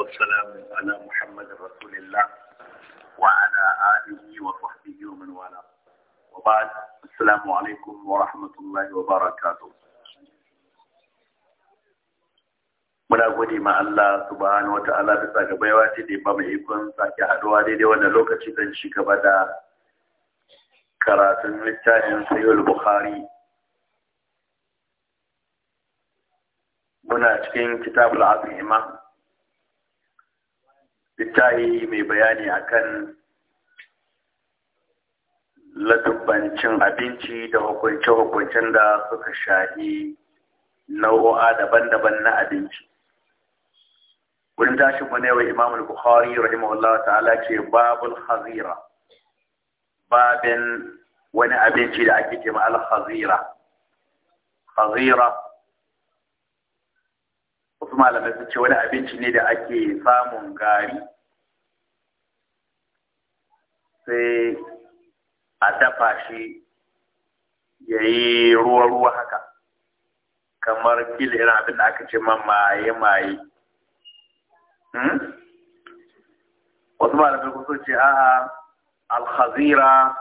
والسلام على محمد رسول الله وعلى آله وصحبه ومن والاه وبعد السلام عليكم ورحمة الله وبركاته muna gode ma Allah subhanahu wata'ala bisa ga baiwa ce da ba mu ikon sake haduwa daidai wannan lokaci don ci gaba da karatun littafin sayyid bukhari muna cikin kitabul azima littafi mai bayani akan ladubbancin abinci da hukunce-hukuncen da suka shahi nau'o'a daban-daban na abinci. Wurin tashin mu ne wa Imam Bukhari rahimahullah ta'ala ce babul hazira babin wani abinci da ake ce ma al-hazira. hazira malamai su ce wani abinci ne da ake samun gari sai a dafa shi ya yi ruwa-ruwa haka kamar kila irin abin da aka ce ma maye-maye hmm? wasu malamai so ce a alhazira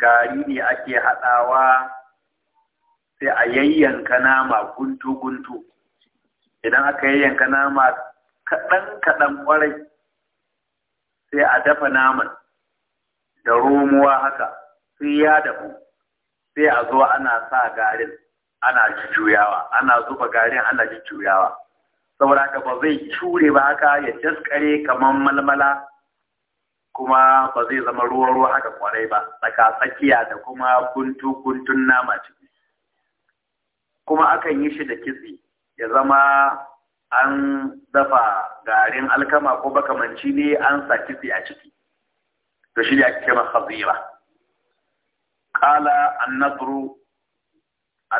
gari ne ake haɗawa sai a yayyanka nama guntu-guntu idan aka yi yanka nama kaɗan kaɗan ƙwarai sai a dafa naman da romuwa haka sai ya dafu sai a zo ana sa garin ana juyawa ana zuba garin ana juyawa saboda haka ba zai cure ba haka ya daskare kamar malmala kuma ba zai zama ruwa-ruwa haka kwarai ba tsaka tsakiya da kuma guntu-guntun nama ciki kuma akan yi shi da kitse ya zama an dafa garin alkama ko bakamanci ne an saki a ciki to shi ne ake hazira qala an-nadru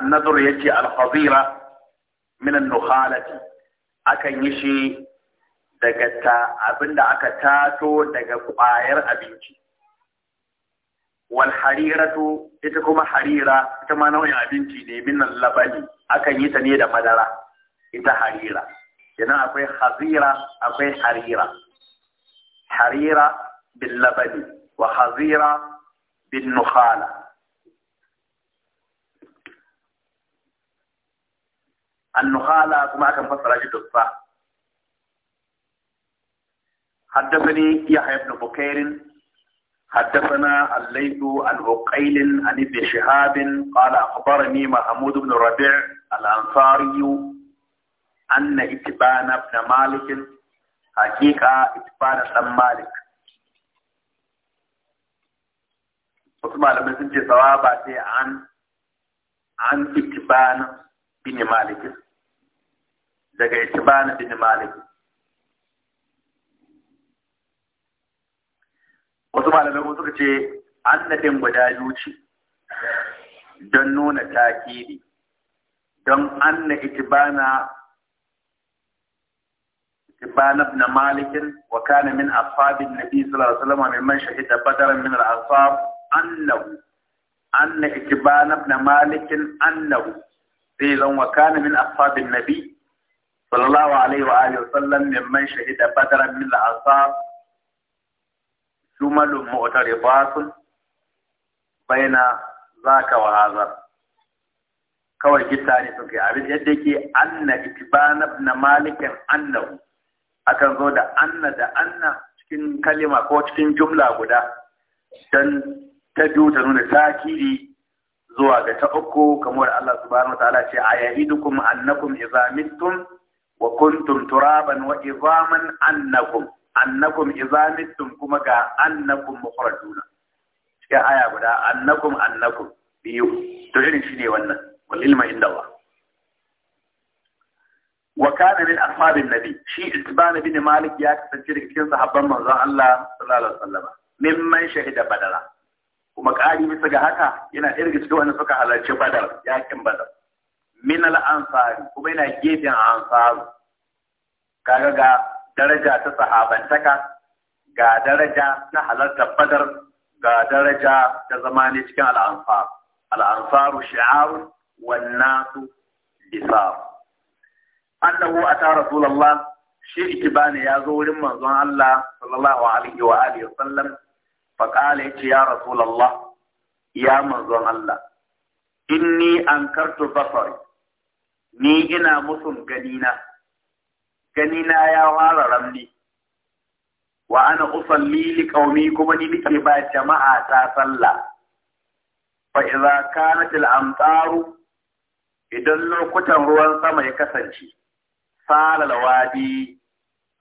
an-nadru yace al hazira min an-nukhalati akan yi shi daga ta abinda aka tato daga kwayar abinci wal hariratu ita kuma harira ita ma nau'in abinci ne min labani akan yi ta ne da madara ita harira kenan akwai hazira akwai harira harira bil labani wa hazira bin nukhala النخالة كما كان فسر جد الصح حدثني يحيى بن بكير حدثنا الليث عن عقيل عن ابن شهاب قال اخبرني محمود بن ربيع الانصاري anna itibana ibn malik hakika itibana dan malik wasu malamai sun ce sawaba sai an an itibana bin malikin, daga itibana bin malikin. wasu malamai kuma suka ce an nadin guda yuci don nuna takiri don an na itibana إبان بن مالك وكان من أصحاب النبي صلى الله عليه وسلم ممن شهد بدرا من الأنصار أنه أن إبان بن مالك أنه قيل وكان من أصحاب النبي صلى الله عليه وآله وسلم ممن شهد بدرا من الأنصار جمل معترضات بين ذاك وهذا kawai kisa ne sun kai abin yadda ke anna ibn malikin annahu akan zo da anna da anna cikin kalima ko cikin jumla guda don ta biyu ta nuna takiri zuwa ga ta uku kamar Allah subhanahu wataala ce a yahidukum annakum idza mittum wa kuntum turaban wa izaman annakum annakum idza mittum kuma ga annakum mukhrajuna cikin aya guda annakum annakum biyu to irin shi ne wannan wal ilma inda Allah wa kana min ashabin nabi shi itban bin malik ya kasance daga cikin sahabban manzon Allah sallallahu alaihi wasallam mimman shahida badara kuma ƙari bisa ga haka yana ɗaya daga cikin wanda suka halarci badar yakin badar min al ansari kuma yana gefen ansaru kaga ga daraja ta sahabantaka ga daraja ta halartar badar ga daraja ta zama ne cikin al ansar al ansaru shi'ar wan nasu annahu ata rasulullah shi itibani ya zo wurin manzon Allah sallallahu alaihi wa alihi wasallam fa qala yace ya rasulullah ya manzon Allah inni ankartu basari ni ina musun ganina ganina ya fara ramni wa ana usalli li qaumi kuma ni nake ba jama'a ta sallah fa idza kanat al amtaru idan lokutan ruwan sama ya kasance falal wadi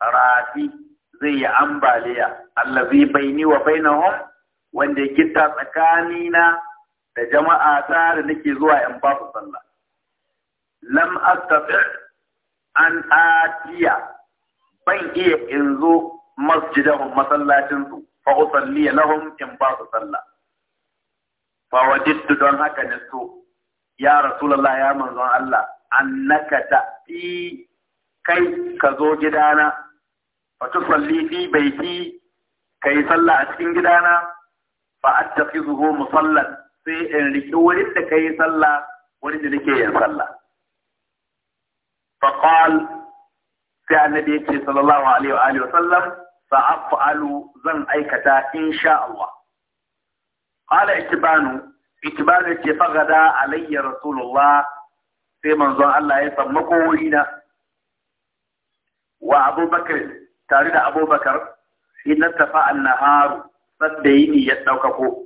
rafi zai yi ambaliya allazi baini wa bainahum wanda yake ta tsakanina da jama'a ta da nake zuwa in ba su sallah lam astati an atiya ban iya in zo masjidahum masallacin su fa usalli lahum in ba su sallah fa wajidtu don haka ne so ya rasulullahi ya manzon Allah annaka fi kai ka zo gidana wata salli fi baiti ka yi sallah a cikin gidana ba a tafi zuho musallan sai in riƙi wani da ka yi sallah wani da nake yin sallah faƙal sai annabi ce sallallahu alaihi wa alihi wa sallam sa'afalu zan aikata insha Allah qala ikbanu ikbanu ce fagada alayya rasulullah sai manzon Allah ya sammako na wa abubakar tare da abubakar inna tafa annaharu sadda yini ya ɗaukako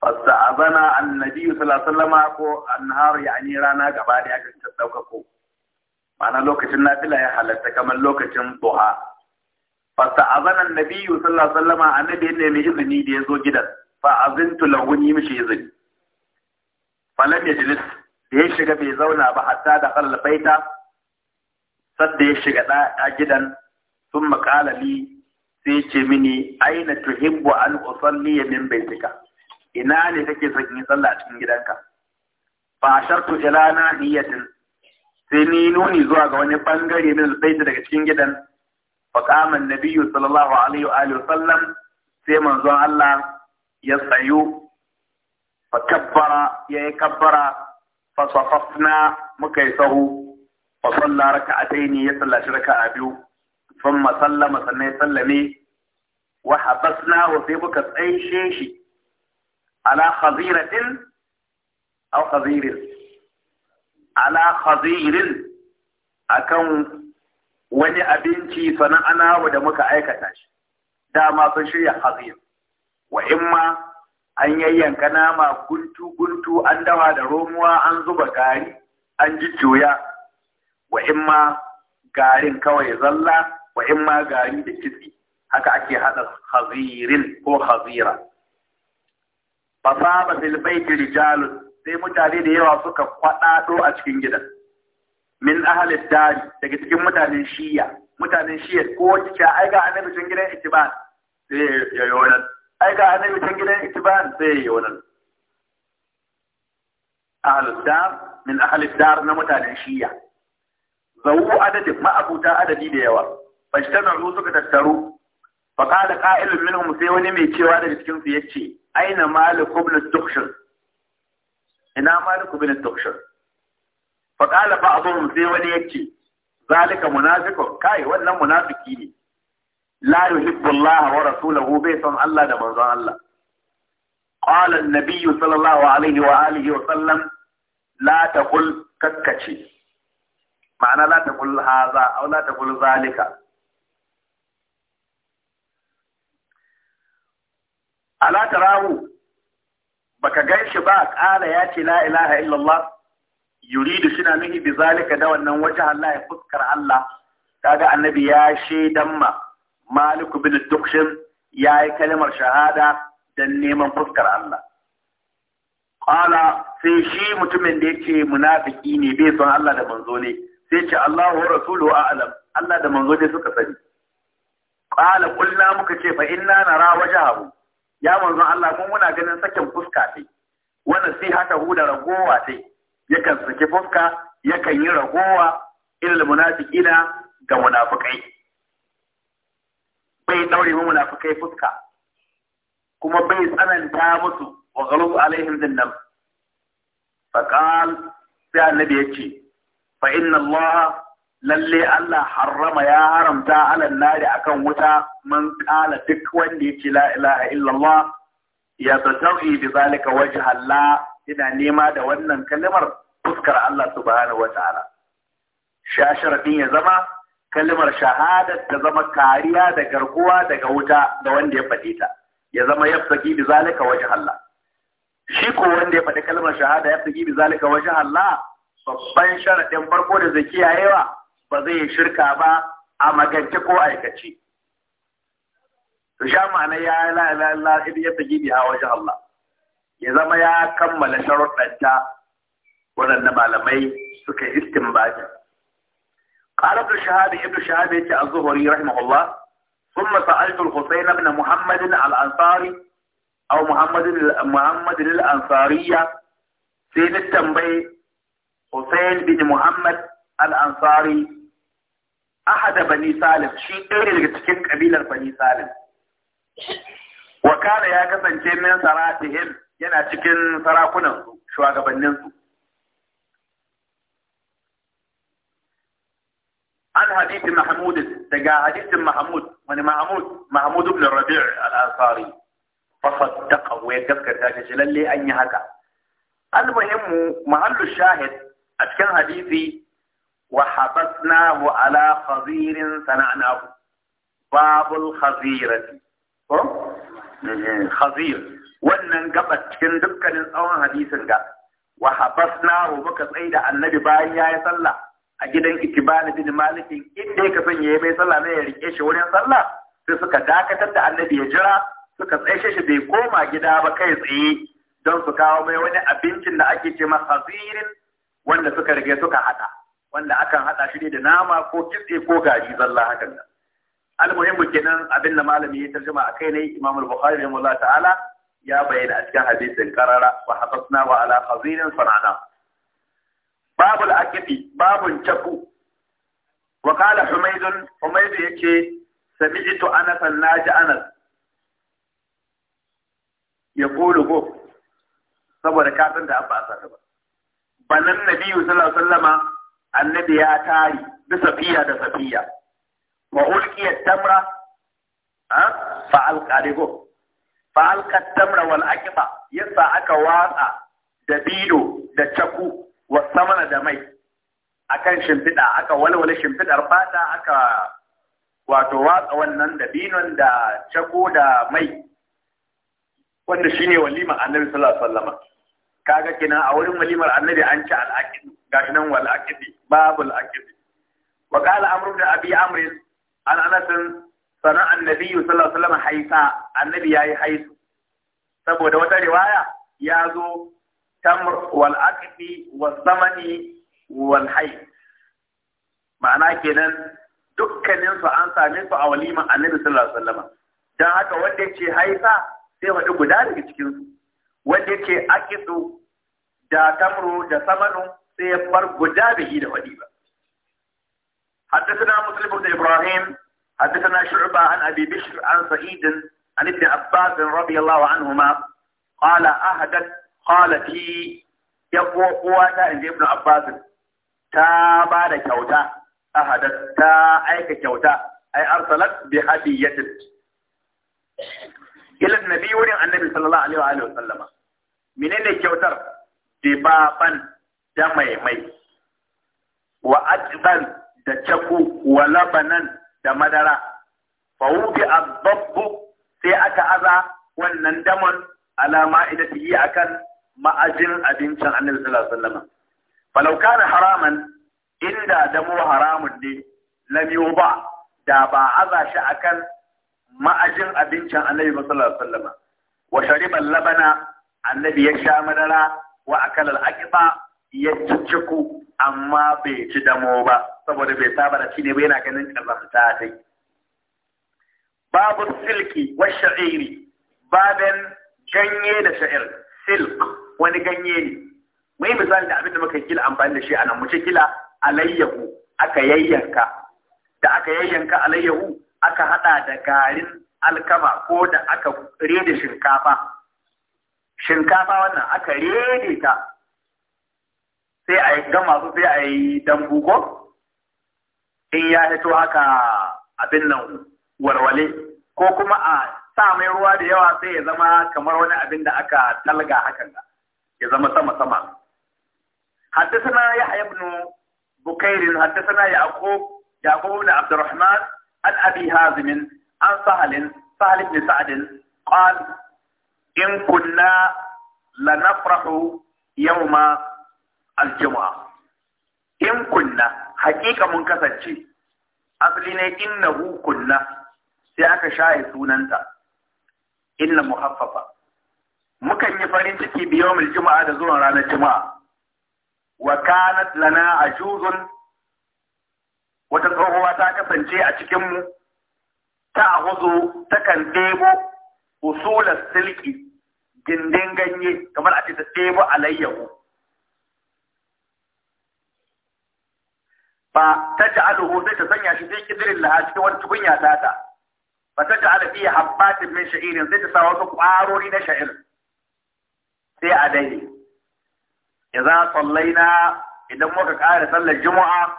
fasta azana annabi sallallahu alaihi wasallam ko annaharu yani rana gaba da aka ta ɗaukako ma'ana lokacin nafila ya halatta kamar lokacin duha fasta azana annabi sallallahu alaihi wasallam annabi ne mai izini da ya zo gidan fa azintu lahu ni mishi izini falam yajlis da ya shiga bai zauna ba hatta da khalal sadda ya shiga a gidan sun makalali sai ya ce mini aina tuhimbu an usalli min baitika ina ne kake son yi sallah a cikin gidanka fa shartu ila nahiyatin sai ni nuni zuwa ga wani bangare min ta daga cikin gidan fa qama an-nabiyyu sallallahu alaihi wa alihi sallam sai manzon Allah ya tsayu fa kabbara ya kabbara fa safafna muka yi sahu fa salla raka'ataini ya sallaci raka'a biyu thumma sallama sannan ya sallame wa wa sai muka tsaishe shi ala khaziratin aw khazirin ala khazirin akan wani abinci sana'ana da muka aikata shi dama sun shirya hazir wa imma an yayyanka nama guntu guntu an dawa da romuwa an zuba gari an ji jujjuya wa in ma garin kawai zalla wa in ma gari da kitse haka ake hada hazirin ko hazira fasaba fil baiti rijalun sai mutane da yawa suka kwadado a cikin gidan min ahli dari daga cikin mutanen shiya mutanen shiya ko wace ai ga annabi cikin gidan ittiban sai ya yi wannan ai ga annabi cikin gidan ittiban sai ya yi wannan ahli dar min ahli dar na mutanen shiya zau adadin ma'abuta adadi da yawa ka tattaro tattaru da ka'ilin minhum sai wani mai cewa da cikin su yace aina malik ibn tukhshir ina malik ibn tukhshir ba abun sai wani yace zalika munafiqun kai wannan munafiki ne la yuhibbu Allah wa rasulahu bai son Allah da manzon Allah qala an-nabiy sallallahu alaihi wa alihi wa sallam la taqul kakkace ma'ana la ta kul haza aw la ta kul zalika ala tarahu baka ganshi ba kala ya ce la ilaha illallah yuridu shina nuhi bi zalika da wannan wajen Allah ya fuskar Allah kaga annabi ya shaidan ma Malik bin Dukshin ya yi kalmar shahada dan neman fuskar Allah qala sai shi mutumin da yake munafiki ne bai son Allah da manzo ne sai ce Allah wa rasulu a alam Allah da manzo dai suka sani qala qulna muka ce fa inna nara wajhahu ya manzo Allah kuma muna ganin sakin fuska sai haka nasihatahu da ragowa sai yakan saki fuska yakan yi ragowa ilal munafiqina ga munafikai bai daure mu munafikai fuska kuma bai tsananta musu wa ghalu alaihim dinnam faqal sai annabi yace fa inna Allah lalle Allah harrama ya haramta alal nari akan wuta man kala duk wanda ya yake la ilaha illallah ya tatawi bi zalika wajha Allah ina nema da wannan kalimar fuskar Allah subhanahu wataala shasharadin ya zama kalimar shahada ta zama kariya da garkuwa daga wuta da wanda ya faɗi ta ya zama yafsaki bi zalika wajha Allah shi ko wanda ya faɗi kalimar shahada yafsaki bi zalika wajha Allah babban sharadin farko da zaki yayewa ba zai shirka ba a magance ko aikace to sha ma'ana ya la la la idan ya tafi biha wajen Allah ya zama ya kammala sharuɗan sharuɗanta waɗanda malamai suka yi istinbaji قالت الشهادة ابن شهادة الزهري رحمه الله ثم سألت الحسين بن محمد الأنصاري أو محمد محمد الأنصارية سيد التنبي حسين بن محمد الأنصاري أحد بني سالم شيء غير لكتكين قبيلة بني سالم وكان يكسا من سراتهم ينا تكين سراكنا شو أغا عن حديث محمود تجا حديث محمود من محمود محمود بن الربيع الأنصاري فصدقه ويجب كتاك جلالي أني هكا المهم محل الشاهد a cikin hadisi wa habasnahu ala khazirin sana'nahu babul khazirati ko eh, khazir wannan gaba cikin dukkanin tsawon hadisin ga wa habasnahu muka tsaida annabi bayan yayi sallah a gidan itibani bin malikin inda ya kasance ya bai sallah ne ya rike shi wurin sallah sai suka dakatar da annabi ya jira suka tsaishe shi bai koma gida ba kai tsaye don su kawo mai wani abincin da ake ce masa hazirin wanda suka rage suka haɗa wanda akan haɗa shi ne da nama ko kitse ko gari zalla hakan nan almuhimmu kenan abin da malami ya tarjuma a kai ne imam al-bukhari rahimahullah ta'ala ya bayyana a cikin hadisin karara wa hasasna wa ala khazinin sanana babul akifi babun chaku wa qala humaydun humayd yake sami'tu anas naji anas ya kulu go saboda kafin da abba sa ba banan nabiyu sallallahu alaihi annabi ya tari da safiya da safiya wa ulqiya tamra fa alqalihu fa alqa tamra wal aqba yasa aka watsa da bido da taku wa samana da mai akan shimfida aka walwala shimfidar fada aka wato watsa wannan da binon da taku da mai wanda shine walima annabi sallallahu alaihi wasallama kaga kenan a wurin walimar annabi an ci al'aqid gashi nan wal aqid babu al aqid wa qala amru bin abi amr an anas sana annabi sallallahu alaihi wasallam haisa annabi yayi haisu saboda wata riwaya ya zo tamr wal aqid wa samani wal hay ma'ana kenan dukkanin su an same su a walimar annabi sallallahu alaihi wasallam dan haka wanda ya ce haisa sai wadi guda daga cikin su wanda yake akidu da tamru da samanu sai ya bar guda da shi da wadi ba حدثنا مسلم بن ابراهيم حدثنا شعبة عن ابي بشر عن سعيد عن ابن عباس رضي الله عنهما قال اهدت قالت لي يقوى قواتا عند ابن عباس تا بعد كوتا اهدت تا ايك كوتا اي ارسلت بهدية الى النبي ورن النبي صلى الله عليه واله وسلم menene kyautar dibaban da mai wa ajban da caku wa labanan da madara fa wubi adabbu sai aka aza wannan damon alama ida yi akan ma'ajin abincin annabi sallallahu alaihi wasallam falau kana haraman inda damo haramun ne lam yuba da ba aza shi akan ma'ajin abincin annabi sallallahu alaihi wasallam wa shariban labana annabi ya sha madara wa akal al-aqiba ya cicciku amma bai ci damo ba saboda bai saba da shi ne ba yana ganin kazamta dai babu silki wa sha'iri baben ganye da sha'ir silk wani ganye ne mai misali da abin da muka kila amfani da shi a nan mu ce kila alayyahu aka yayyanka da aka yayyanka alayyahu aka hada da garin alkama ko da aka rede shinkafa shinkafa wannan aka rede ta sai a gama su sai a yi buko in ya hito haka abin nan warwale ko kuma a sa mai ruwa da yawa sai ya zama kamar wani abin da aka talga hakan da ya zama sama sama حدثنا يحيى بن بكير حدثنا يعقوب يعقوب بن عبد الرحمن عن ابي هازم عن سهل سهل بن سعد قال in kunna lanafrahu yawma aljum'a in kunna haƙiƙa mun kasance asali ne innahu kunna sai aka shaye sunanta inna muhaffafa mukan yi farin ciki biyawmil juma'a da zuwan ranar juma'a wa kanat lana ajuzun wata tsohuwa ta kasance a cikin mu ta ahuzu takan debo usulas silki gindin ganye kamar a ce ta ɗebo alayyahu ba ta ji aluhu sai ta sanya shi sai kidirin laha cikin wani tukunya ta ta ba ta ji alafi ya habbatin min sha'irin sai ta sa wasu ƙwarori na sha'ir sai a dai ya za sallaina idan muka ƙara sallar juma'a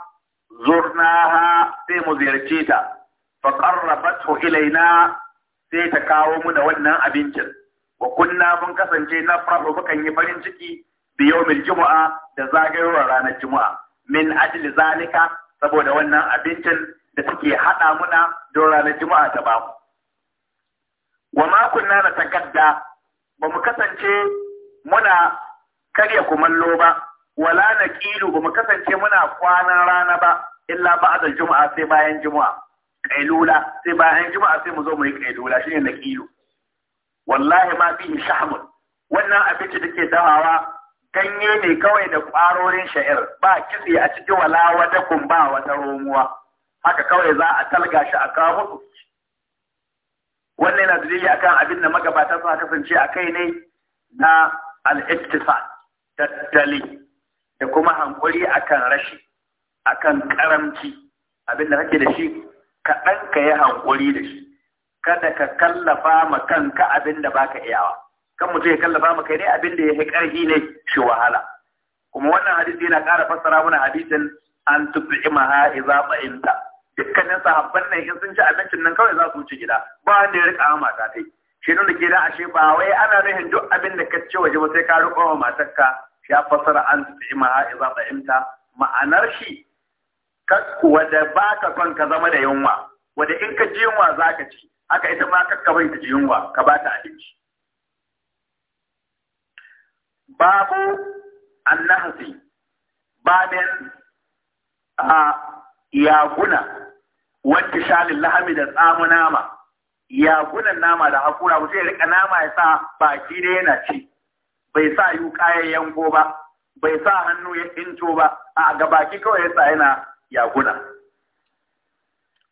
zurnaha sai mu ziyarce ta fa qarrabathu ilaina sai ta kawo mu da wannan abincin wa kunna mun kasance na farko mukan yi farin ciki bi yawmil jumu'a da zagayowar ranar jumu'a min ajli zalika saboda wannan abincin da suke hada muna don ranar jumu'a ta mu wa ma kunna na takadda ba mu kasance muna karya kumallo ba wala na ƙilu ba mu kasance muna kwanan rana ba illa ba da juma'a sai bayan jumu'a kailula sai bayan jumu'a sai mu zo mu yi kailula shine na ƙilu wallahi ma bihi shahmun wannan abinci da ke dahawa ganye ne kawai da kwarorin sha'ir ba kitse a cikin wala wata kumba wata romuwa haka kawai za a talga shi a kawo musu wannan yana dalili akan abin da magabata suka kasance a kai ne na al ittifaq tattali da kuma hankuri akan rashi akan karamci abin da kake da shi kaɗan ka yi hankuri da shi kada ka kallafa ma kanka abin da baka iyawa kan mutum ya kallafa ma kai ne abin da ya fi ƙarfi ne shi wahala kuma wannan hadisi yana ƙara fassara mana hadisin an tubi maha iza ba'inta dukkanin sahabban nan in sun ci abincin nan kawai za su wuce gida ba wanda ya rika wa mata kai shi nuna ke da ashe ba wai ana nufin duk abin da ka ci waje ba sai ka rika ma matarka ya fassara an tubi maha iza ba'inta ma'anar shi wadda ba ka son ka zama da yunwa wadda in ka ji yunwa za ka ci haka ita ma kakka ta ji yunwa ka ba ta abinci babu annahasi babin a yaguna wanda shalin lahami da tsamu nama yagunan nama da hakura mutum sai rika nama ya sa baki ne yana ci bai sa yi kayan yanko ba bai sa hannu ya tsinto ba a ga baki kawai ya sa yana yaguna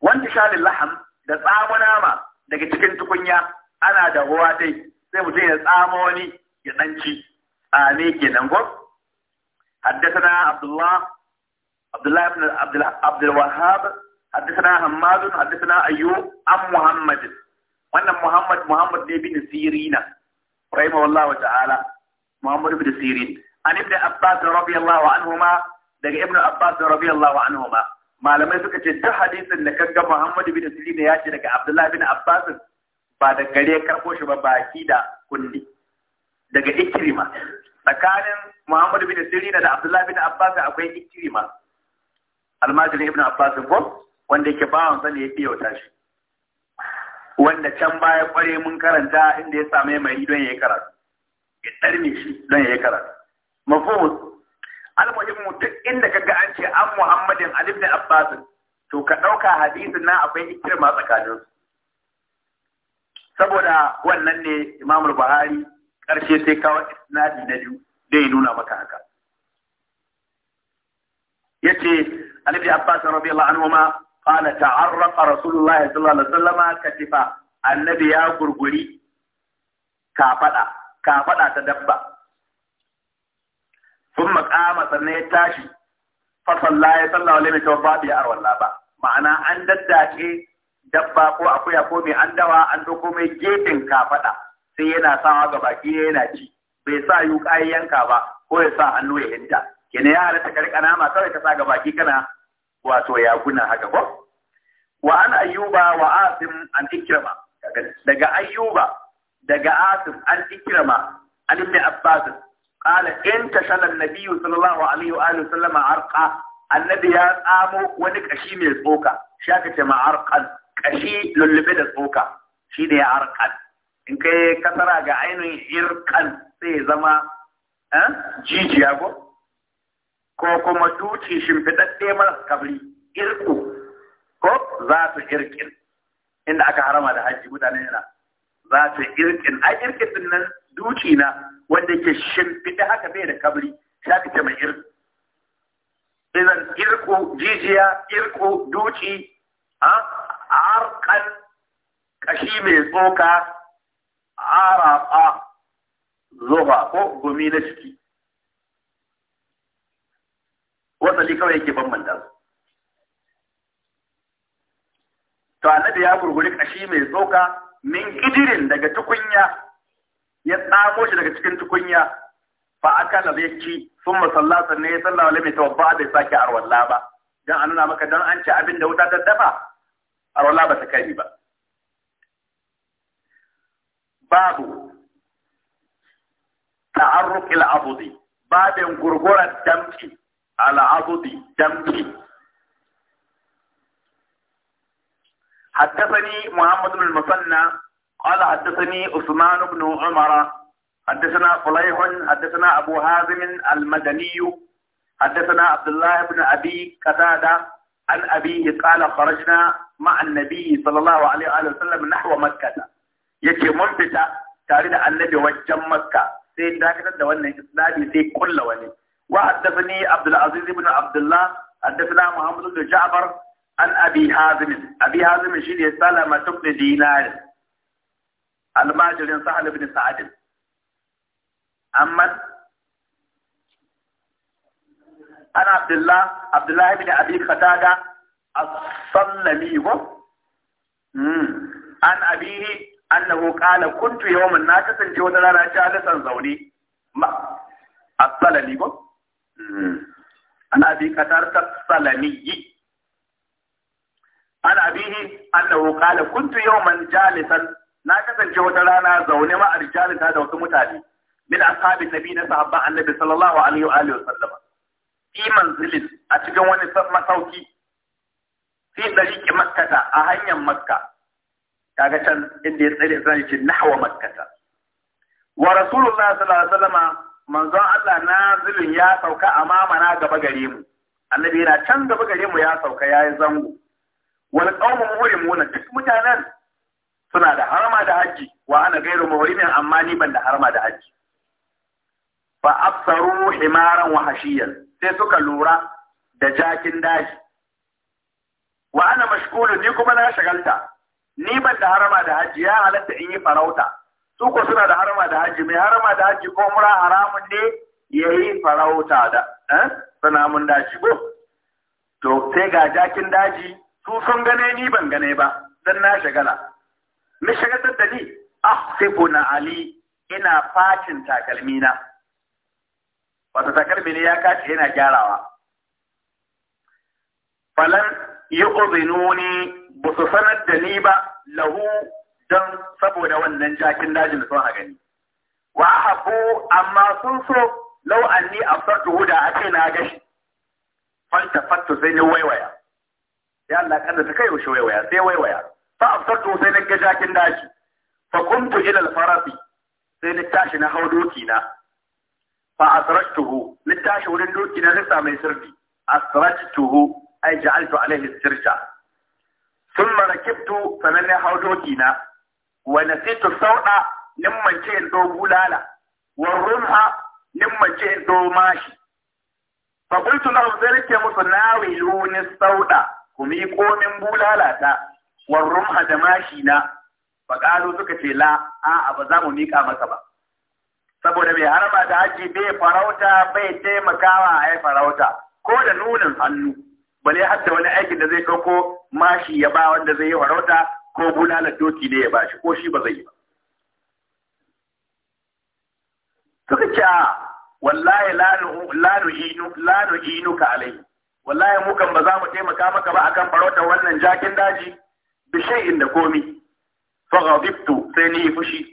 wanda shalin laham da tsamu nama daga cikin tukunya ana da ruwa dai sai mutum ya tsamo wani ya dan ci tsame kenan ko حدثنا عبد الله عبد الله بن عبد عبد الوهاب حدثنا حماد حدثنا ايوب عن محمد وانا محمد محمد بن سيرين رحمه الله تعالى محمد بن سيرين عن ابن عباس رضي الله عنهما دقى ابن عباس رضي الله عنهما malamai suka ce duk hadisin da ga Muhammadu bin Sirin ya ce daga Abdullahi bin Abbas ba da gare karko shi ba baki da kulli daga Ikrima tsakanin Muhammadu bin Sirin da Abdullahi bin Abbas akwai Ikrima almajiri Ibn Abbas ko wanda yake bawan sani ya iyauta shi wanda can baya kware mun karanta inda ya same mai don ya yi karatu ya tsarme shi don ya yi karatu mafhum almuhimmu duk inda kaga an ce an muhammadin ali ibn abbas to ka dauka hadisin na akwai ikirma tsakanin saboda wannan ne imam al-buhari karshe sai kawo isnadi na biyu da nuna maka haka yace ali da abbas radiyallahu anhu ma qala ta'arraqa rasulullahi sallallahu alaihi wasallam katifa annabi ya gurguri ka fada ka fada ta dabba sun makama sannan ya tashi fasalla ya sallawa lai mai ba babu ya arwalla ba ma'ana an daddace dabba ko akuya ko mai an dawa an doko mai gefen kafaɗa sai yana sawa ga baki yana ci bai sa yuka yanka ba ko ya sa hannu ya hinta kene ya halatta karkana ma kawai ka sa ga baki kana wato ya guna haka ko wa an ayyuba wa asim an ikrama daga ayyuba daga asim an an ibn قال انتشل النبي صلى الله عليه وآله وسلم عرقا النبي يا قامو ونك أشي من الفوكا شاكت ما عرقا أشي للبدا الفوكا شي دي عرقا إن كي كثرة عينه عرقا سي زما أه؟ جيجي أبو ko kuma tuci shimfiɗaɗɗe mara kabri irku ko za su irkin inda aka harama da hajji mutane yana za su irkin a irkin din nan duci na wanda ke shimfiɗe haka bai da kabri ya fita ta mai irki. idan irku jijiya irku duci a harkan kashi mai tsoka arafa zuba ko gumi na ciki shi kawai yake ban su to annabi ya gurguri kashi mai tsoka min kidirin daga tukunya ya tsamo shi daga cikin tukunya ba aka da zai ci sun masalla sannan ya sallawa lamai da bai sake arwalla ba don an nuna maka don an ci abin da wuta ta dafa arwalla ba ta kari ba babu ta'arruq al-abudi babin gurgurar damci al-abudi damci حدثني محمد بن المثنى قال حدثني عثمان بن عمر حدثنا صليح حدثنا ابو هازم المدني حدثنا عبد الله بن ابي قتاده عن ابي قال خرجنا مع النبي صلى الله عليه وآله وسلم نحو مكه يجي منفتا تاريد النبي وجه مكه سيد ذاكرة دوانا إسلامي سي كل وني وحدثني عبد العزيز بن عبد الله حدثنا محمد بن جعفر عن ابي حازم ابي حازم شيء سلمة بن دينار الماجر سهل بن سعد اما انا عبد الله عبد الله بن ابي قتاده الصلمي عن ابيه انه قال كنت يوما ناقصا جودا لنا جالسا زوني ما الصلمي انا ابي قتاده الصلمي an abihi annahu qala kuntu yawman jalisan na kasance wata rana zaune ma arjalita da wasu mutane min ashabin nabi na sahabban annabi sallallahu alaihi wa alihi wasallam fi manzilin a cikin wani masauki fi dariqi makkata a hanyar makka kaga can inda ya tsare zan ce nahwa makkata wa rasulullahi sallallahu alaihi wasallam manzon Allah nazilin ya sauka a mamana gaba gare mu annabi yana can gaba gare mu ya sauka yayi zango wani ƙaunar wurin wani duk mutanen suna da harma da hajji wa ana gairu mawarimin amma ni ban da harma da hajji fa absaru himaran wa hashiyan sai suka lura da jakin daji wa ana mashkulu ni kuma na shagalta ni ban da harama da hajji ya halatta in yi farauta su ko suna da harama da hajji mai harama da hajji ko mura haramun ne ya yi farauta da eh sanamun daji ko to sai ga jakin daji su sun gane ni ban gane ba dan na shagala na shagatar da ni na ali ina facin takalmi na wata takalmi ne ya kace yana gyarawa falan yu'zinuni ba su sanar da ni ba lahu don saboda wannan jakin dajin da sun a gani wa haku amma sun so lau anni afsartuhu da ake na gashi fanta fattu sai ni waiwaya sai Allah kada ta kai shi waiwaya sai waiwaya fa afsartu sai na gajakin daji fa kuntu ila al-farasi sai na tashi na hau doki na fa asrajtuhu na tashi wurin doki na na mai sirri asrajtuhu ay ja'altu alayhi sirja thumma rakibtu sanan na hau doki na wa nasitu sauda nimman ce in do bulala wa rumha nimman ce in do mashi fa qultu lahu zalika musu nawiluni sauda ku miƙo min bulalata rumha da mashina na faƙalo suka ce la a'a ba za mu miƙa masa ba saboda mai harba da haji bai farauta bai taimakawa a yi farauta ko da nunin hannu bale har da wani aikin da zai ɗauko mashi ya ba wanda zai yi farauta ko bulalar doki ne ya ba shi ko shi ba zai yi ba suka ce a wallahi la nu'inuka alai wallahi mu kan ba za mu taimaka maka ba akan farautar wannan jakin daji bi shay'in da komi fa ghadibtu sai ni fushi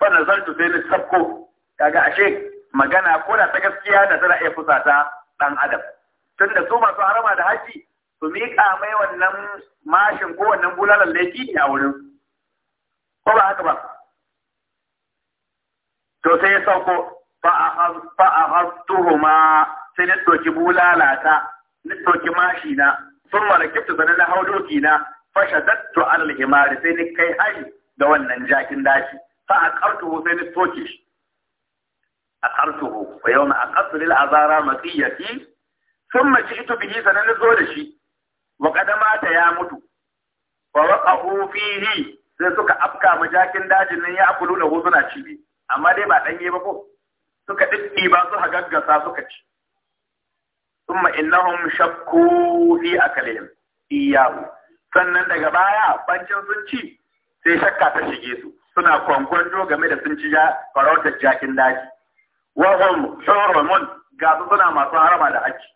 fa nazaltu sai ni sabko kaga ashe magana ko da ta gaskiya da tana iya fusata dan adam tunda su masu harama da haji su miƙa mai wannan mashin ko wannan bulalar laifi ne a wurin ko ba haka ba to sai ya sauko fa a ma sai na ɗauki bulalata nitoki mashi na sun mara kifta zane na hau doki na fasha dattu an sai ni kai hari ga wannan jakin daji fa a kartuhu sai ni shi a kartuhu wa yau na a kartu lil azara matsiyati sun mace ito bihi zane na zo da shi wa ta ya mutu wa waqa'u fihi sai suka afka ma jakin dajin nan ya akulu da suna cibi amma dai ba ɗanye ba ko suka ɗiɗɗi ba su hagaggasa suka ci ثم إنهم شكوا في أكلهم إياه sannan daga baya bancin sun ci sai shakka ta shige su suna kwankwanjo game da sun ci farautar jakin daji wa hum hurumun ga su suna masu harama da haji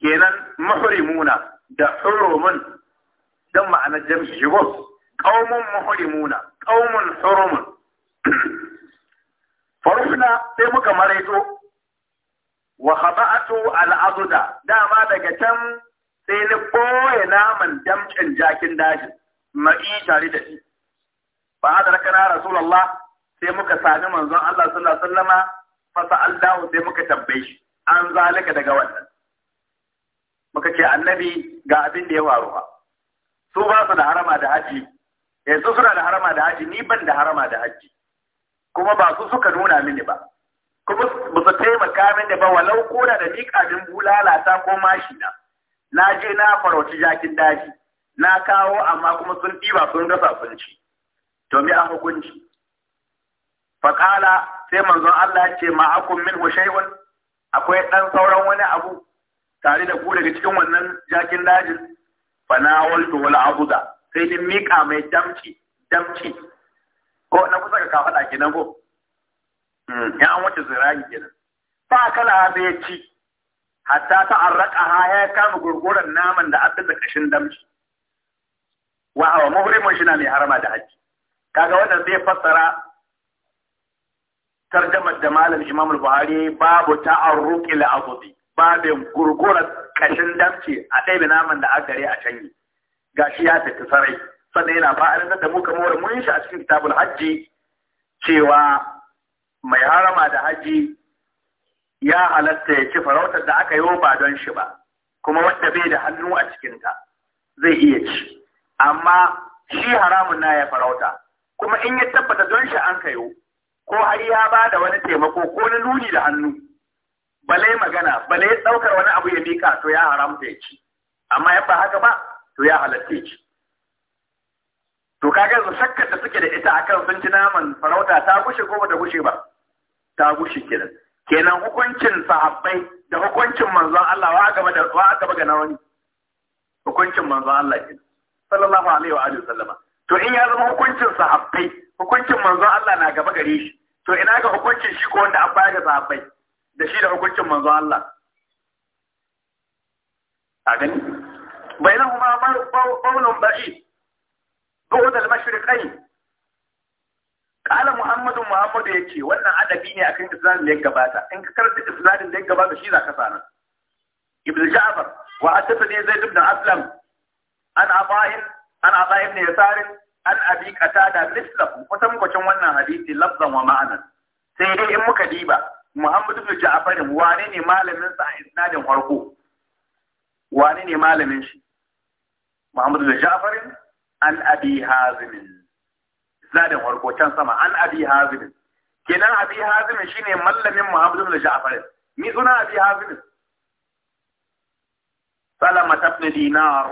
kenan muhrimuna da hurumun dan ma'ana jam'i shigo qaumun muhrimuna qaumun hurumun farfuna sai muka maraito wa khata'atu al-azda dama daga can sai ni boye naman damcin jakin daji ma'i tare da shi fa adraka na rasulullah sai muka sami manzon Allah sallallahu alaihi wasallama fa sa'allahu sai muka tambaye shi an zalika daga wannan muka ce annabi ga abin da ya faru fa su ba su da harama da haji eh suna da harama da haji ni ban da harama da haji kuma ba su suka nuna mini ba kuma ba su taimaka min da ba walau koda da bulala bulalata ko mashina na je na farauci jakin daji na kawo amma kuma sun ɗiba sun gasa sun ci to me an hukunci faƙala sai manzon Allah ce ma akun min shay'un akwai ɗan sauran wani abu tare da ku daga cikin wannan jakin dajin fana waltu wal abuda sai din miƙa mai damci damci ko na kusa ka kafaɗa kenan ko Mm, ya an wuce zira'i kenan fa kala sai ya ci hatta ta arraka ha ya kama gurguran naman da abin da kashin damshi wa hawa muhrimun shi na mai harama da haji kaga wannan zai fassara tarjamar da malam Imam Buhari babu arruki la azbi babin gurguran kashin damci a ɗaya naman da aka a canyi gashi ya tafi sarai sannan yana fa'arin da muka kamar mun shi a cikin kitabul hajji cewa mai harama da haji ya halatta ya ci farautar da aka yi ba don shi ba kuma wanda bai da hannu a cikinta zai iya ci amma shi haramun na ya farauta kuma in ya tabbata don shi an kayo ko har ya ba da wani taimako ko na nuni da hannu bale magana bale ya ɗaukar wani abu ya mika to ya haramta ya ci amma ya ba haka ba to ya halatta ya ci to kaga shakkar da suke da ita akan sun ci naman farauta ta gushe ko bata gushe ba ta gushi kiran kenan hukuncin sahabbai da hukuncin manzon Allah wa gaba da wa gaba ga nawani hukuncin manzon Allah kenan sallallahu alaihi wa alihi sallama to in ya zama hukuncin sahabbai hukuncin manzon Allah na gaba gare shi to ina ga hukuncin shi ko wanda an baya ga sahabbai da shi da hukuncin manzon Allah a gani bainahuma bawlun ba'i bu'd al-mashriqayn Kala Muhammadu Muhammadu ya ce wannan adabi ne akan isnadin da ya gabata in ka karanta isnadin da ya gabata shi za ka sanar. Ibn Ja'far wa ne Zaid ibn Aslam an Aba'in an Aba'in ne Yasarin an Abi Qatada mislahu kusan kwacin wannan hadisi lafzan wa ma'anan. Sai dai in muka diba Muhammadu ibn Ja'far wane ne malamin sa a isnadin farko? Wane ne malamin shi? Muhammadu ibn Ja'far an Abi hazimin. zadin farko sama an abi hazim kenan abi hazim shine mallamin muhammadu bin ja'far ni suna abi hazim salama ibn dinar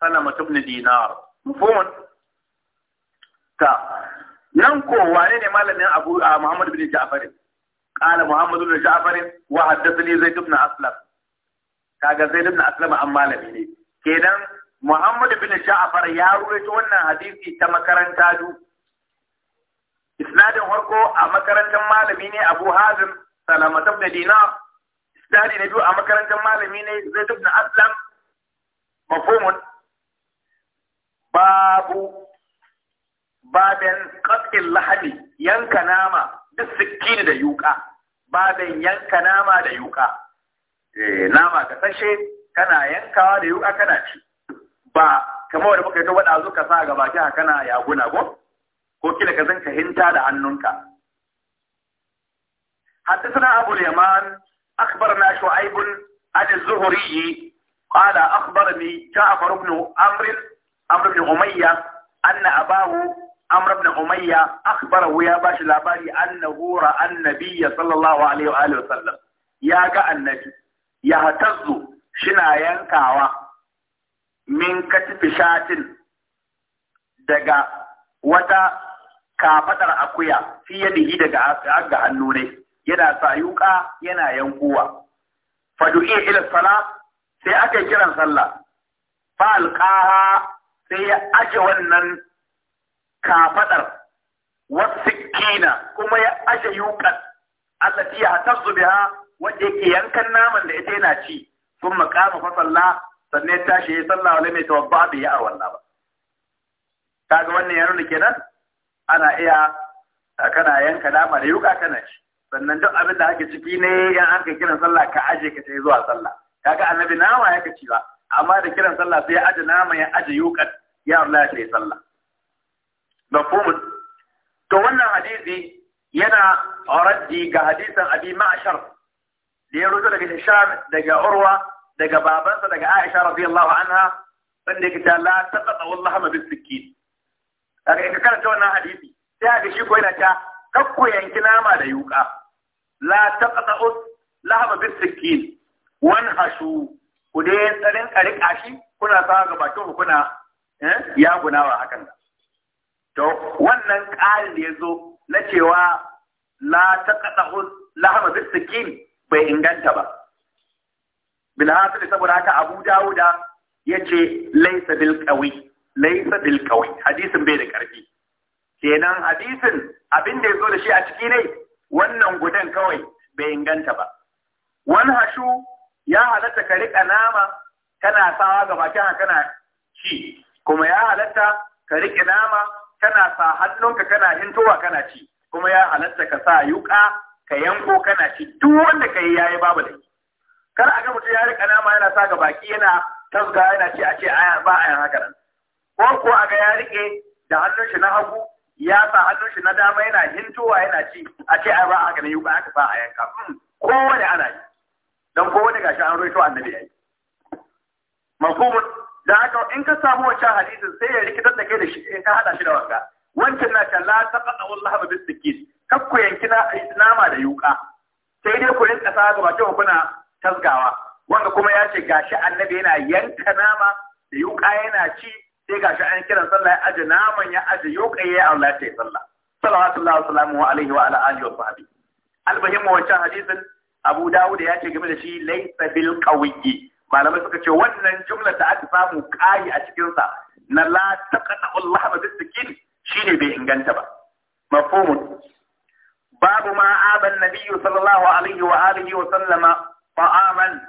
salama ibn dinar mufhum ta nan ko wane ne mallamin abu a muhammad bin ja'far قال محمد بن جعفر zai زيد بن اسلم kaga زيد بن اسلم an malami ne kenan muhammadu bin Ja'far ya ruwaito wannan hadisi ta makaranta duk. isnadin farko a makarantar malami ne abu hazim salamatab da dina isnadi na biyu a makarantar malami ne zai ibn aslam mafhumun babu baben qat'il lahadi yanka nama duk sikkin da yuka baben yanka nama da yuka eh nama ka sashe kana yankawa da yuka kana ci ba kamar da muka yi ta wada zuka sa ga baki kana yaguna ko ko kila ka zanka hinta da hannunka حدثنا أبو اليمان أخبرنا شعيب عن الزهري قال أخبرني جعفر بن عمرو عمرو بن أمية أن أباه عمرو بن أمية أخبره يا باش الأباري أنه رأى النبي صلى الله عليه وآله وسلم يا جاء النبي يهتز شنا ينكاوا من كتف شات دقا وتا kafadar akuya fi yadihi daga ga hannu ne yana sayuka yana yankuwa fadu'i ila sala sai aka kiran sallah fa alqaha sai ya aje wannan kafadar wasikina kuma ya aje yuqat allati yahtazu biha wanda yake yankan naman da ita yana ci sun makama fa sallah sannan ya tashi ya sallah wala mai tawabba bai yi a ba kaga wannan ya nuna kenan ana iya kana yanka nama da yuka kana ci sannan duk abin da ake ciki ne yan an ka kiran sallah ka aje ka tafi zuwa sallah kaga annabi nama ya ci ba amma da kiran sallah sai ya aje nama ya aje yukan ya Allah ya sallah mafhumun to wannan hadisi yana raddi ga hadisan abi ma'shar da ya rubuta daga Hisham daga Urwa daga babansa daga Aisha radiyallahu anha wanda yake ta la taqata wallahi ma bisikkin daga in ka karanta wannan hadisi sai a gashi ko yana ta kakku yanki nama da yuka la taqta'u bis sikin, wan hashu ku dai tsarin kare kashi kuna sawa ga bakin ku kuna eh, ya gunawa hakan to wannan ƙarin da ya zo na cewa la taqta'u bis sikin bai inganta ba bilhasili saboda haka abu dauda ya ce laisa bil qawi laisa bil kawai hadisin bai da karfi kenan hadisin abin da zo da shi a ciki ne wannan gudan kawai bai inganta ba wani hashu ya halatta ka rika nama kana sawa ga bakin kana ci kuma ya halatta ka rike nama kana sa hannunka kana hintowa kana ci kuma ya halatta ka sa yuka ka yanko kana ci duk wanda ka yi yayi babu da kar a ga mutum ya rika nama yana sa ga baki yana tasga yana ci a ce ba a yin haka nan ko ko a ga ya rike da hannun shi na hagu ya sa hannun shi na dama yana hintowa yana ci a ce ai ba a ganin yuka aka sa a yanka hmm, wani ana yi dan wani gashi an roito annabi yayi mafhumun da haka in ka samu wancan hadisin sai ya rikitar da kai da shi in ka hada shi da wanga wancan na ta la taqata wallahi bi sikin kar ku yanki na nama da yuka sai dai ku rinka sa ga cewa kuna tasgawa wanda kuma ya ce gashi annabi yana yanka nama da yuka yana ci sai gashi an kiran sallah ya aje naman ya aje yokaye ya Allah ta yi sallah sallallahu salamu alaihi wa ala alihi wa sahbi albahim wancan hadisin Abu Dawud ya ce game da shi laysa bil qawiyyi malamai suka ce wannan jumla da aka samu kai a cikin sa na la taqata Allah bi sikin shine bai inganta ba mafhumun babu ma aban nabi, sallallahu alaihi wa alihi wa sallama ta'aman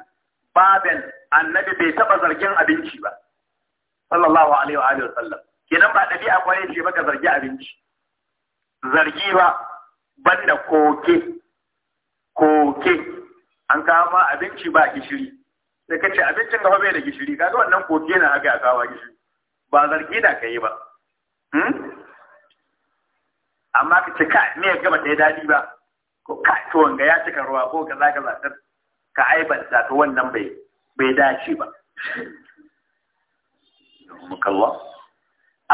baban annabi bai taba zargin abinci ba sallallahu alaihi wa alihi wasallam kenan ba dabi'a kwarai ce baka zargi abinci zargi ba banda koke koke an kama abinci ba gishiri sai ka ce abincin gaba bai da gishiri kaga wannan koke na haka a kawo gishiri ba zargi da kai ba hmm? amma ka ce ka me ya gaba ta daɗi ba ko ka to wanga ya cika ruwa ko zaka zata ka aibanta to wannan bai bai dace ba أمك الله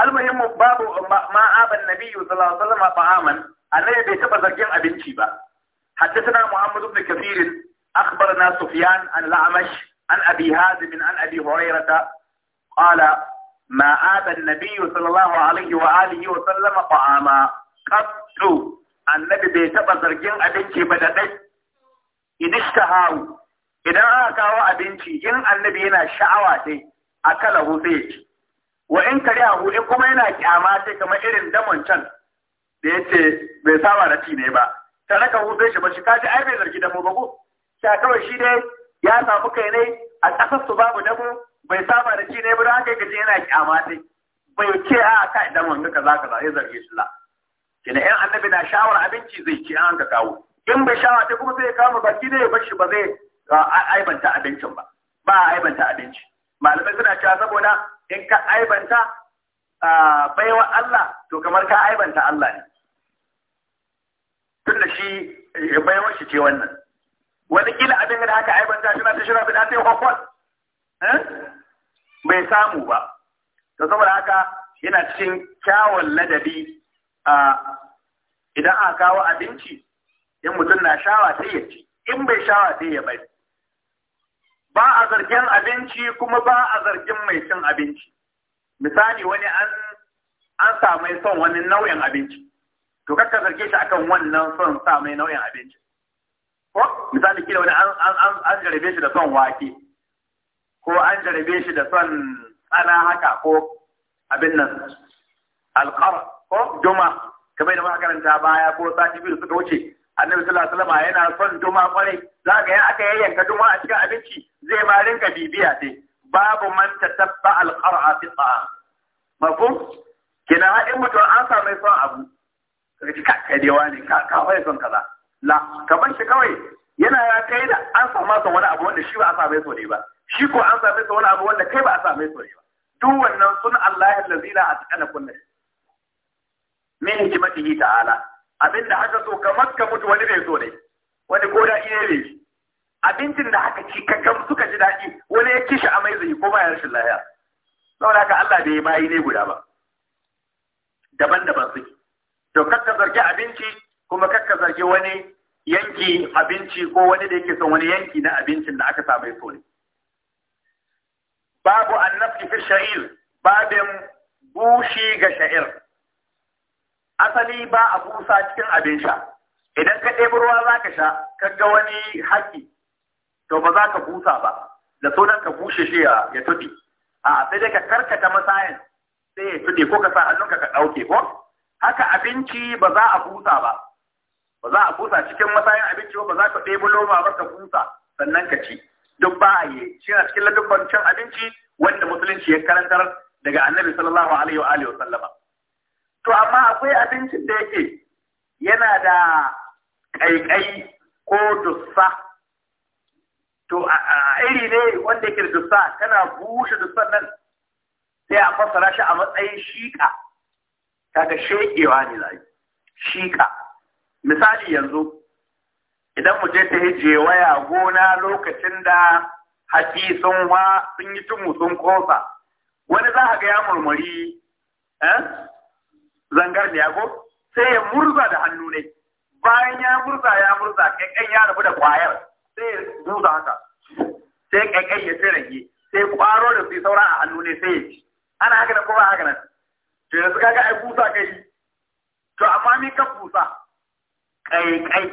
المهم باب ما عاب النبي صلى الله عليه وسلم طعاما النبي بيتبع زرجين ابن شيبا حدثنا محمد بن كثير أخبرنا سفيان عن الأعمش عن أبي هازم عن أبي هريرة قال ما عاب النبي صلى الله عليه وآله وسلم طعاما قط annabi bai taɓa zargin abinci ba da ɗai idishtahawu idan aka kawo abinci in annabi yana sha'awa wa in kare a in kuma yana kyama sai kamar irin damon can da ya ce bai saba da ci ne ba taraka ka bai shi ba shi kaji ai bai zargi damo ba ko sha kawai shi dai ya samu kai ne a ƙasar su babu damo bai saba da ci ne ba don haka yake yana kyama sai bai ce a kai damon duka za ka ya zarge shi la kina yan annabi na shawar abinci zai ci an ka kawo in bai shawar ta kuma zai kama baki ne ya bar shi ba zai aibanta abincin ba ba a aibanta abinci malamai suna cewa saboda in ka aibanta baiwa Allah to kamar ka aibanta Allah ne tun da shi eh, baiwar shi ce wannan wani kila abin da aka aibanta shi na ta shira bida ta kwakwal eh? bai samu ba to saboda haka yana cikin kyawun ladabi idan aka kawo abinci in mutum na shawa sai ya ci in bai shawa sai ya bari ba a zargin abinci kuma ba a zargin mai cin abinci misali wani an an son wani nau'in abinci to kakka zarge shi akan wannan son sa mai nau'in abinci ko misali kila wani an an an jarabe shi da son wake ko an jarabe shi da son tsana haka ko abin nan alqara ko juma kamar da muka karanta baya ko sati biyu suka wuce annabi sallallahu alaihi wasallam yana son duma kwarai za yi aka yayyanka duma a cikin abinci zai ma rinka bibiya dai babu man tatabba al-qara fi ta mafhum kina ha in mutum an samu son abu kaga ka kai dai wani ka ka hoye son kaza la ka ban shi kawai yana ya kai da an samu son wani abu wanda shi ba a samu so ne ba shi ko an samu son wani abu wanda kai ba a samu so ne ba duk wannan sun Allah ya a atqana kullu min hikmatihi ta'ala abin da aka so kamar ka mutu wani bai so ne wani ko daɗi ne bai abincin da aka ci ka suka ji daɗi wani ya kishi a mai zai ko ba ya rashin lahiya saboda haka Allah bai yi ne guda ba daban-daban suke to kakka zargi abinci kuma kakka zargi wani yanki abinci ko wani da yake son wani yanki na abincin da aka samu so ne babu annafi fi sha'ir babin bushi ga sha'ir asali ba a busa cikin abin sha idan ka ɗebi ruwa za ka sha ka ga wani haƙƙi, to ba za ka busa ba da sunan ka bushe shi ya tuɗi a sai dai ka karkata masayin sai ya tuɗi ko ka sa hannunka ka ɗauke ko haka abinci ba za a busa ba ba za a busa cikin masayin abinci ba za ka ɗebi loma ba ka busa sannan ka ci duk ba a yi shi na cikin ladubban cin abinci wanda musulunci ya karantar daga annabi sallallahu alaihi wa alihi wa sallama to amma akwai abincin da yake yana da ƙaiƙai ko dussa to a iri ne wanda yake da dussa tana bushe dussan nan sai a fassara shi a matsayin shiƙa kaga sheƙewa ne zai shiƙa misali yanzu idan mu je ta hije waya gona lokacin da haƙi sun wa sun yi tumu sun kosa wani za ka ga ya murmuri eh? zangar ne ko sai ya murza da hannu ne bayan ya murza ya murza kankan ya rabu da kwayar sai ya buza haka sai kankan ya sai rage sai kwaro da sai saura a hannu ne sai ya ci ana haka da kuma haka nan to yanzu kaga ai busa kai to amma ni ka busa kai kai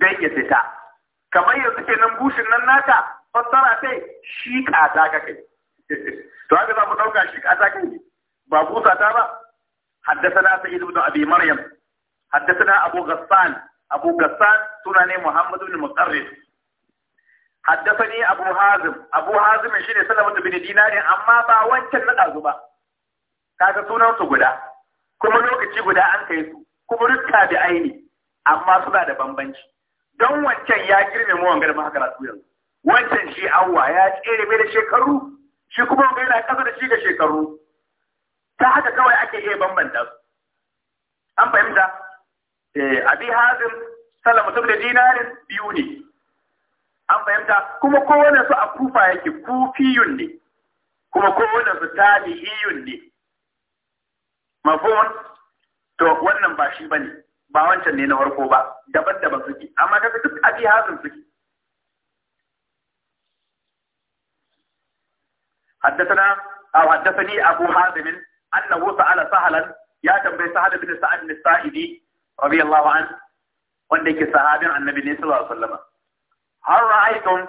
dan ya fita kamar yanzu kenan bushin nan nata fassara sai shi kata ka kai to haka za mu dauka shi kata kai ba busa ta ba حدثنا سعيد بن أبي مريم حدثنا أبو غسان أبو غسان سنن محمد بن مقرب حدثني أبو هازم أبو هازم شيء سلمة بن دينار أما با wancan na ɗazu ba kaga sunan su guda kuma lokaci guda an kai su kuma rukka da aini amma suna da bambanci don wancan ya girme mu wangar ma yanzu wancan shi awwa ya tsere mai da shekaru shi kuma wanga yana ƙasa da shi ga shekaru ta haka kawai ake iya bambanta su an fahimta eh, abi hazin salama mutum da dinarin biyu ne an fahimta kuma kowane su a kufa yake kufiyun ne kuma kowane su tabi'iyun ne mafon to wannan ba shi bane ba wancan ne na farko ba daban-daban suke amma kaga duk abi hazin suke حدثنا او حدثني ابو حازم أنه سأل سهلا يا تنبي سهل بن سعد بن السائدي رضي الله عنه وانك صحابي عن النبي صلى الله عليه وسلم هل رأيتم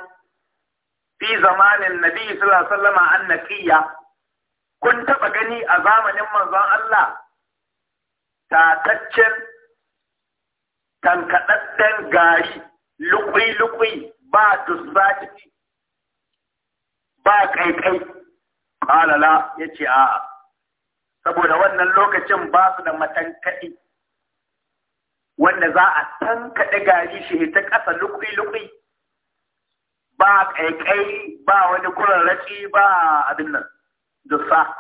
في زمان النبي صلى الله عليه وسلم عن نكية كنت بغني أزام نمان زان الله تاتشن كان كتتن غاري لقوي لقوي با تزاتي با كي كي قال لا يتي آه saboda wannan lokacin ba su da matankaɗi wanda za a tankaɗe gari shi ta ƙasa lukui-lukui ba ƙaiƙai ba wani kurarraci ba abin nan dusa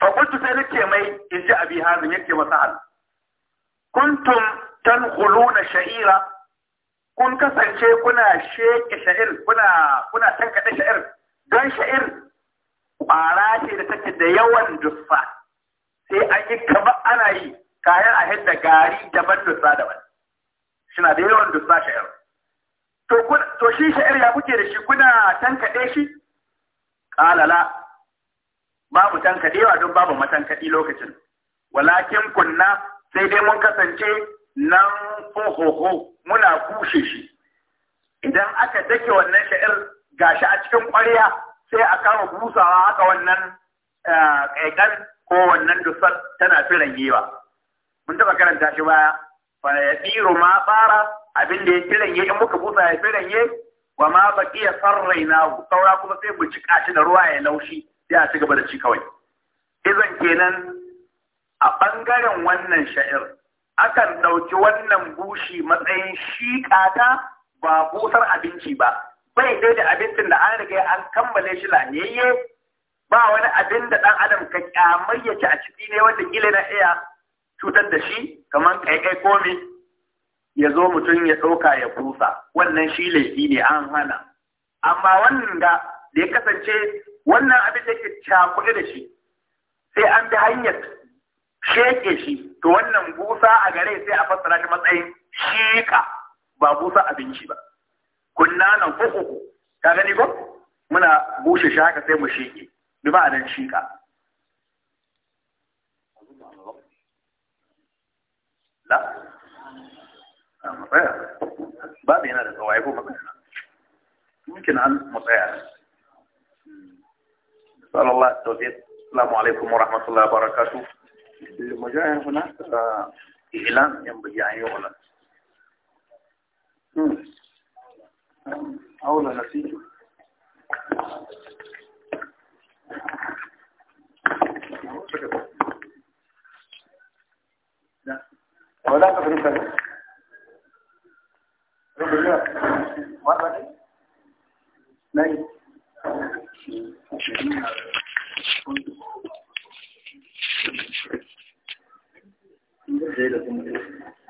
fakultu sai nake mai in ji abi hazin yake masa hal kuntum na sha'ira kun kasance kuna sheke sha'ir kuna kuna tankaɗe sha'ir don sha'ir ƙwara ce da take da yawan dussa sai an yi kama ana yi kayan a hidda gari daban dussa daban shina da yawan dussa sha'ir to to shi sha'ir ya kuke da shi kuna tankaɗe shi ƙalala babu tankaɗewa don babu matankaɗi lokacin walakin kunna sai dai mun kasance nan fuhuhu muna kushe shi idan aka dake wannan sha'ir gashi a cikin ƙwarya sai a kama busawa haka wannan eh, kaikan ko wannan dusar tana firan giwa mun taɓa karanta shi baya fa ya tsiro ma fara abin da ya firanye in muka busa ya firanye wa ma san sarraina saura kuma sai mu cika shi da ruwa ya laushi sai a ci gaba da ci kawai izan kenan a ɓangaren wannan sha'ir akan ɗauki wannan bushi matsayin shiƙata ba busar abinci ba bai dai da abincin da an riga an kammale shi lanyayye ba wani abin da ɗan adam ka kyamai a ciki ne wanda kila na iya cutar da shi kamar kaikai komi ya zo mutum ya ɗauka ya busa wannan shi laifi ne an hana amma wannan da ya kasance wannan abin da ke cakuɗe da shi sai an bi hanyar sheke shi to wannan busa a gare sai a fassara shi matsayin shika ba busa abinci ba kunna nan fuku ka gani ko muna bushe shi haka sai mu shike bi ma'anan shika la ba mai yana da tsawai ko magana mungkin an mutsaya صلى الله التوفيق السلام عليكم ورحمة الله وبركاته المجاهد هناك إعلان ينبغي أن يعلن aula nasitu ولا تفرق رب الله ما بعدين نعم Thank you.